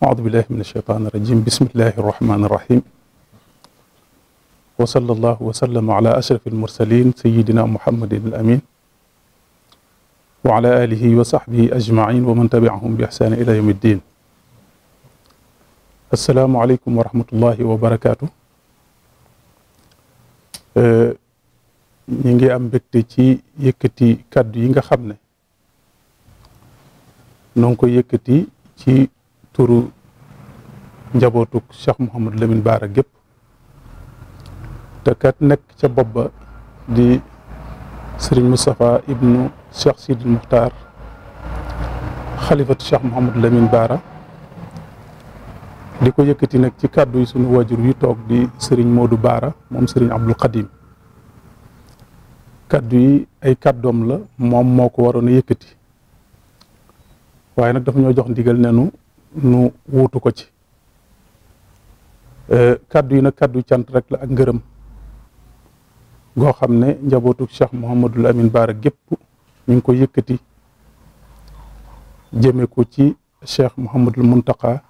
aoudu billahi min alsheytaan irajim bismillahi irrahmani irrahim wasala allahu wasallam ala ashraf almursalin sayidina muhammadin alamin wa ala alihi wa saxbihi ajmain wa man tabiahum bi ixsaani ila yawm ddin asalaamualeykum wa rahmatullahi wa barakaatu eh, ñi ngi am mbégte ci yëkkati kàddu yi nga xam ne noo ngi ko yëkkati ci turu njabootuk Cheikh Mouhamadou Lamine Bara gépp te kat nekk ca bopp ba di sëriñ Moustapha ibnu Cheikh Sidil Muxtaar xalifatu Cheikh Mouhamadou Lamine Bara di ko yëkkati nag ci kàddu yi sunu waajur yu toog di sëriñ Modou Bara moom sëriñ Abdul Xadim kàddu yi ay kàddoom la moom moo ko waroon a yëkkati waaye nag dafa ñoo jox ndigal nenu nu wuutu ko ci euh, kaddu yi na kaddu cant rek la ak ngërëm goo xam ne njabootu Cheikh Mouhamadul Amin Baara gépp ñu ngi ko yëkkati jëme ko ci Cheikh Mouhamadul Muntaqa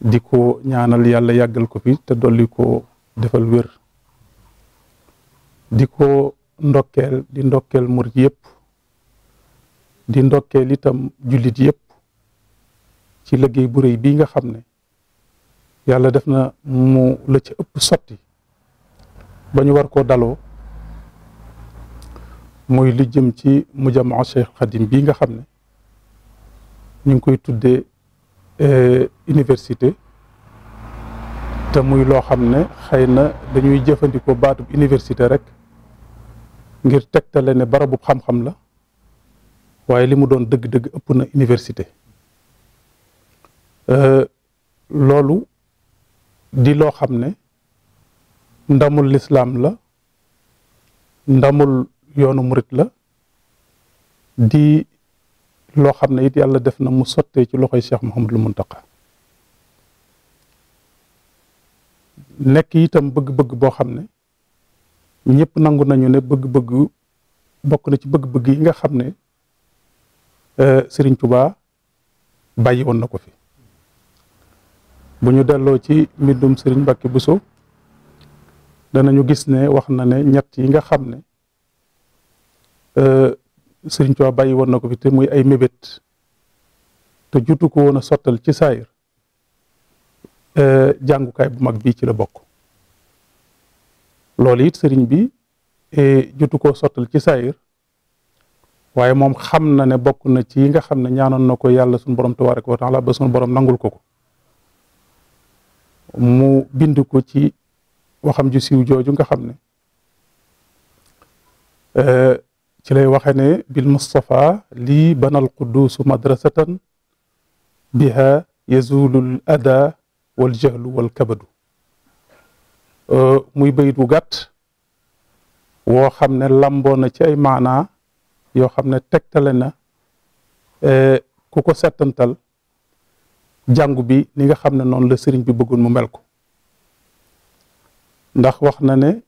di ko ñaanal yàlla yàggal ko fi te dolli ko defal wér di ko ndokkeel di ndokkeel murit yëpp di ndokkeel itam jullit yëpp ci liggéey bu rëy bii nga xam ne yàlla def na mu la ci ëpp sotti ba ñu war koo daloo muy lu jëm ci mujamaa Cheikh Khadim bii nga xam ne ñu ngi koy tuddee eh, université te muy loo xam ne xëy na dañuy jëfandikoo baatub université rek ngir tegtale ne barabu xam-xam la waaye li mu doon dëgg-dëgg ëpp na université Euh, loolu di loo xam ne ndamul lislaam la ndamul yoonu murit la di loo xam ne it yàlla def na mu sottee ci loxoy Cheikh Mouhamadul Muntaqa nekk itam bëgg-bëgg boo xam ne ñëpp nangu nañu ne bëgg-bëgg bokk na ci bëgg-bëgg yi nga xam ne euh, Serigne Touba bàyyi woon na ko fi bu ñu delloo ci mbindum Sëriñ Mbàkke Buso danañu gis ne wax na ne ñett yi nga xam ne euh, Sëriñ Tuubaa bàyyi woon na ko fi te muy ay mébét te jutu ko woon sottal ci saayir euh, jàngukaay bu mag bii ci la bokk loolu it sëriñ bi eh, jotu ko sottal ci saayir waaye moom xam na ne bokk na ci yi nga xam ne ñaanoon na ko yàlla suñu borom tabaaraka wa taala ba suñu borom nangul ko ko mu bind ko ci waxam ju siiw jooju nga xam ne euh, ci lay waxe ne bil mustafa lii banal quduusu madrasatan biha yazulul ada wal jahlu wal kabadu euh, muy bayit wu gàtt woo xam ne lamboo na ci ay maanaa yoo xam ne tegtale na euh, ku ko settantal jàngu bi li nga xam ne noonu la sëriñ bi bëggoon mu mel ko ndax wax na ne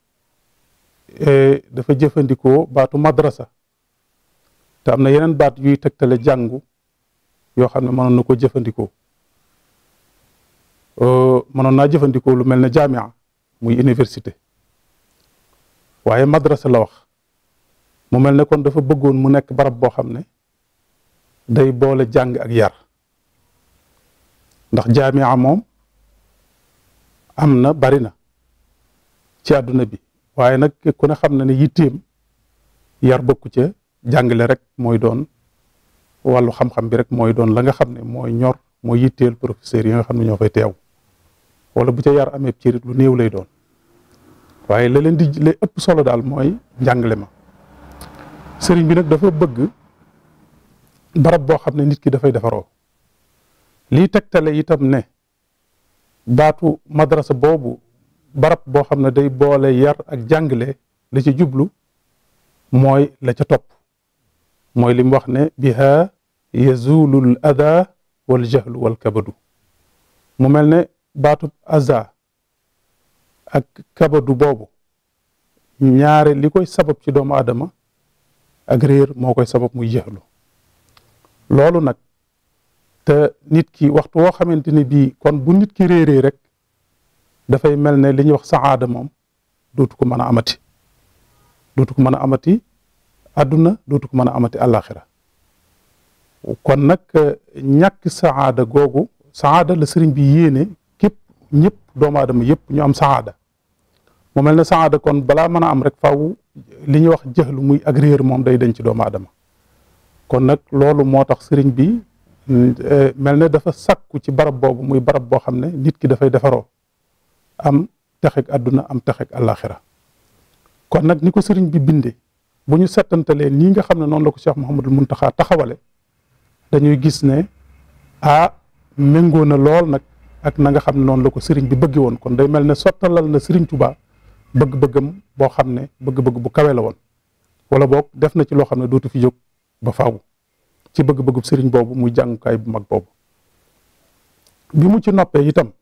e, dafa jëfandikoo baatu madrasa te am na yeneen baat yuy tegtale jàngu yoo xam ne mënoon na ko jëfandikoo e, mënoon naa jëfandikoo lu mel ne jaamia muy université waaye madrasa la wax mu mel ne kon dafa bëggoon mu nekk barab boo xam ne day boole jàng ak yar ndax jaamia moom am na bari na ci àdduna bi waaye nag ku ne xam na ne yitteem yar bokku ca jàngale rek mooy doon wàllu xam-xam bi rek mooy doon la nga xam ne mooy ñor mooy yitteel professeur yi nga xam ne ñoo fay teew wala bu ca yar amee cirit lu néew lay doon waaye la leen di lay ëpp solo daal mooy njàngale ma sëriñ bi nag dafa bëgg barab boo xam ne nit ki dafay defaroo lii tegtale itam ne baatu madrasa boobu barab boo xam ne day boole yar ak jàngale la ci jublu mooy la ca topp mooy lim wax ne biha yazulu l ada wal jahlu wal kabadu mu mel ne baatu aza ak kabadu boobu ñaare li koy sabab ci doomu aadama ak moo koy sabab muy jahlu loolu nag te nit ki waxtu woo xamante ni bii kon bu nit ki réeree rek dafay mel ne li ñuy wax saxaada moom dootu ko mën a amati dootu ko mën a amati adduna dootu ko mën a amati àllaaxira kon nag ñàkk saxaada googu saxaada la sëriñ bi yéene képp ñëpp doomu aadama yëpp ñu am saxaada mu mel ne saxaada kon balaa mën a am rek faaw li ñuy wax jëxlu muy ak moom day dañ ci doomu aadama kon nag loolu moo tax sëriñ bi Euh, mel ne dafa sàkku ci barab boobu muy barab boo xam ne nit ki dafay defaroo am texeg àdduna am texeeg àllaaxira kon nag ni ko sëriñ bi bindee bu ñu settantalee nii nga xam ne noonu la ko Cheikh Mouhamadul Muntaxa taxawale dañuy gis ne ah méngoo na lool nag ak na nga xam ne noonu la ko sëriñ bi bëgg kon day mel ne sottalal na sëriñ Tuubaa bëgg-bëggam boo xam ne bëgg-bëgg bu kawe la woon wala boog def na ci loo xam ne dootu fi jóg ba faaw. ci bëgg bëgg sëriñ boobu muy jàngukaay bu mag boobu bi mu ci noppee itam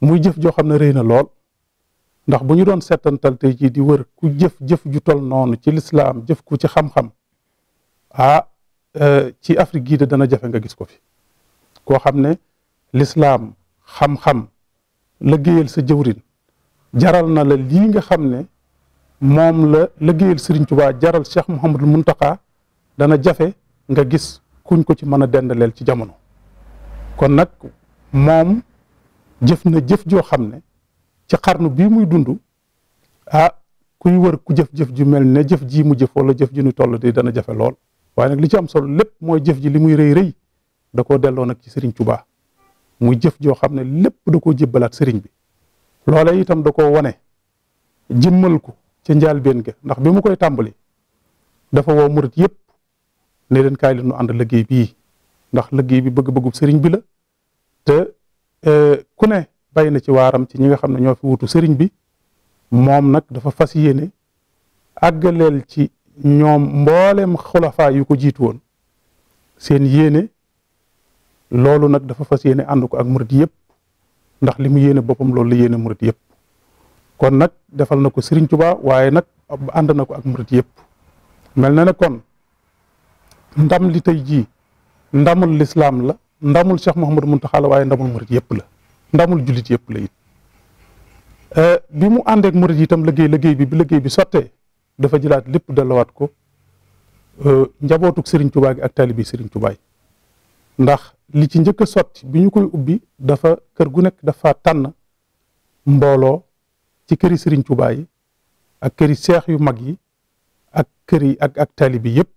muy jëf joo xam ne rëy na lool ndax bu ñu doon seetantal tey jii di wër ku jëf-jëf ju tol noonu ci lislaam jëf ku ci xam-xam ah euh, ci Afrique gii de dana jafe nga gis ko fi koo xam ne lislaam xam-xam liggéeyal sa jëwrin jaral na la lii nga xam ne moom la liggéeyal Sëriñ Tuubaa jaral Cheikh Mouhamadul Muntaqa dana jafe nga gis kuñ ko ci mën a dendaleel ci jamono kon nag moom jëf na jëf joo xam ne ci xarnu bii muy dund ah kuy war ku jëf-jëf ju mel ne jëf ji mu jëf wala jëf ji ñu toll di dana jafe lool waaye nag li ci am solo lépp mooy jëf ji li muy rëy rëy da koo delloo nag ci sëriñ Tuubaa muy jëf joo xam ne lépp da koo jébbalaat sëriñ bi loole itam da koo wane jëmmal ko ca njaalbeen ga ndax bi mu koy tàmbali dafa woo murit yëpp ne leen kaay nu ànd liggéey bii ndax liggéey bi bëgg-bëggub sëriñ bi la te euh, ku ne bàyyi na ci waaram ci ñi nga xam ne ñoo fi wutu sëriñ bi moom nag dafa fas yéene àggaleel ci ñoom mbooleem xulafaa yu ko jiitu woon seen yéene loolu nag dafa fas yéene ànd ko ak murit yëpp ndax li mu yéene boppam loolu la yéene murit yëpp kon nag defal na ko Sëriñ Tuubaa waaye nag ànd na ko ak murit yëpp mel na ne kon ndam li tey jii ndamul lislaam la ndamul Cheikh Mouhamadou ta la waaye ndamul murit yëpp la ndamul jullit yëpp la it. Euh, bi mu àndeek murit yi itam liggéey liggéey bi bu liggéey bi sottee dafa jëlaat lépp delluwaat ko euh, njabootuk Serigne Touba gi ak taalibi Serigne Touba yi ndax li ci njëkk a sotti bi ñu koy ubbi dafa kër gu nekk dafa tànn mbooloo ci këri Serigne Touba yi ak këri seex yu mag yi ak këri ak ak taalibi yëpp.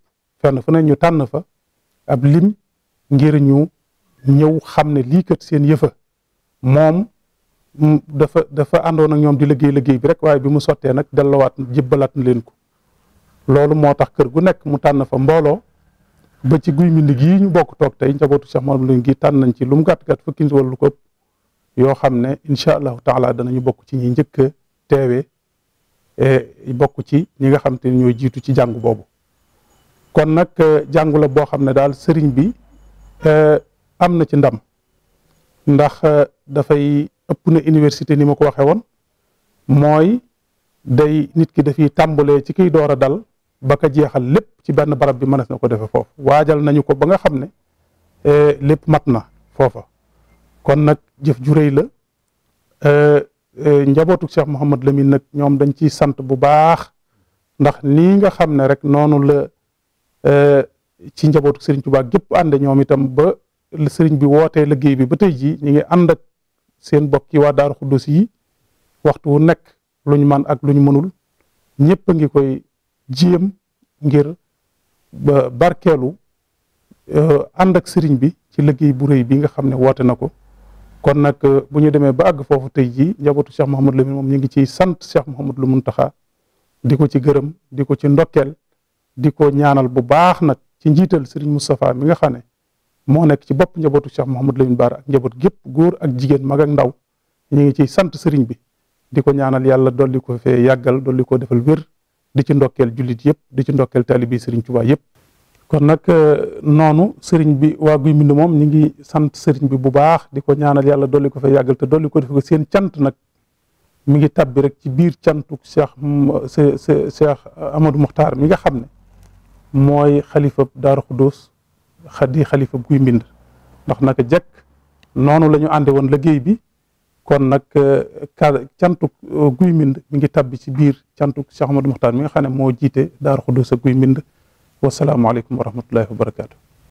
fenn fu ne ñu tànn fa ab lim ngir ñu ñëw xam ne lii kat seen yëfa moom dafa dafa àndoon ak ñoom di liggéey liggéey bi rek waaye bi mu sottee nag dellowaat jibbalaat na leen ko loolu moo tax kër gu nekk mu tànn fa mbooloo ba ci guy mbind gii ñu bokk toog tey njabootu Cheikh Mouhamadou Lamine gi tànn nañ ci lu mu gàtt gàtt fukki nit ko yoo xam ne incha allahu taala danañu bokk ci ñi njëkk teewe e bokk ci ñi nga xam te ne ñooy jiitu ci jàng boobu. kon nag euh, jàngu boo xam ne daal sëriñ bi euh, am na ci ndam ndax euh, dafay ëpp na université ni ma ko waxee woon mooy day nit ki dafiy tàmbalee ci kiy door a dal ba ka jeexal lépp ci benn barab bi mënees na ko defee foof waajal nañu ko ba nga xam ne lépp mat na foofa kon nag jëf ju rëy la njabootu Cheikh Mouhamad Lamine nag ñoom dañ ciy sant bu baax ndax nii nga xam ne rek noonu la Euh, ci njabootu Serigne Touba gépp ànd ñoom itam ba Serigne bi wootee liggéey bi ba tey jii ñu ngi ànd seen bokk wa waa Daaru Xuddus yi waxtu nekk lu man ak lu ñu mënul ñëpp a ngi koy jéem ngir ba barkeelu euh, ànd ak Serigne bi ci liggéey bu rëy bi nga xam ne woote na ko. kon nag euh, buñu demee ba àgg foofu tey jii njabootu Cheikh Mouhamadou Lamine moom ñu ngi ciy sant Cheikh Mouhamadou Mountakha di ko ci gërëm di ko ci ndokkeel. di ko ñaanal bu baax nag ci njiital Serigne Moustapha mi nga xam ne moo nekk ci bopp njabootu Cheikh Mouhamadou Lamine Bara ak njaboot gépp góor ak jigéen mag ak ndaw ñu ngi ciy sant Serigne bi di ko ñaanal yàlla dolli ko fee yàggal dolli ko defal wér di ci ndokkeel jullit yëpp di ci ndokkeel taalibi Serigne Touba yëpp. kon nag euh, noonu Serigne bi waa guy mbind moom ñu ngi sant Serigne bi bu baax di ko ñaanal yàlla dolli ko fee yàggal te dolli ko defal ko seen cant nag. mi ngi tabbi rek ci biir cantuk Cheikh euh, Cheikh Amadou Mokhtar mi nga xam ne mooy xalifab daaru xudus di xalifab guy mbind ndax nag jekk noonu lañu ñu ànde woon liggéey bi kon nag eh, cantuk eh, guy mbind mi ngi tabbi ci biir cantuk Cheikh Ahmadou Mokhtar mi nga xam ne moo jiite daar xudus ak guy mbind wasalaamaaleykum wa rahmatullahi wa barakaatu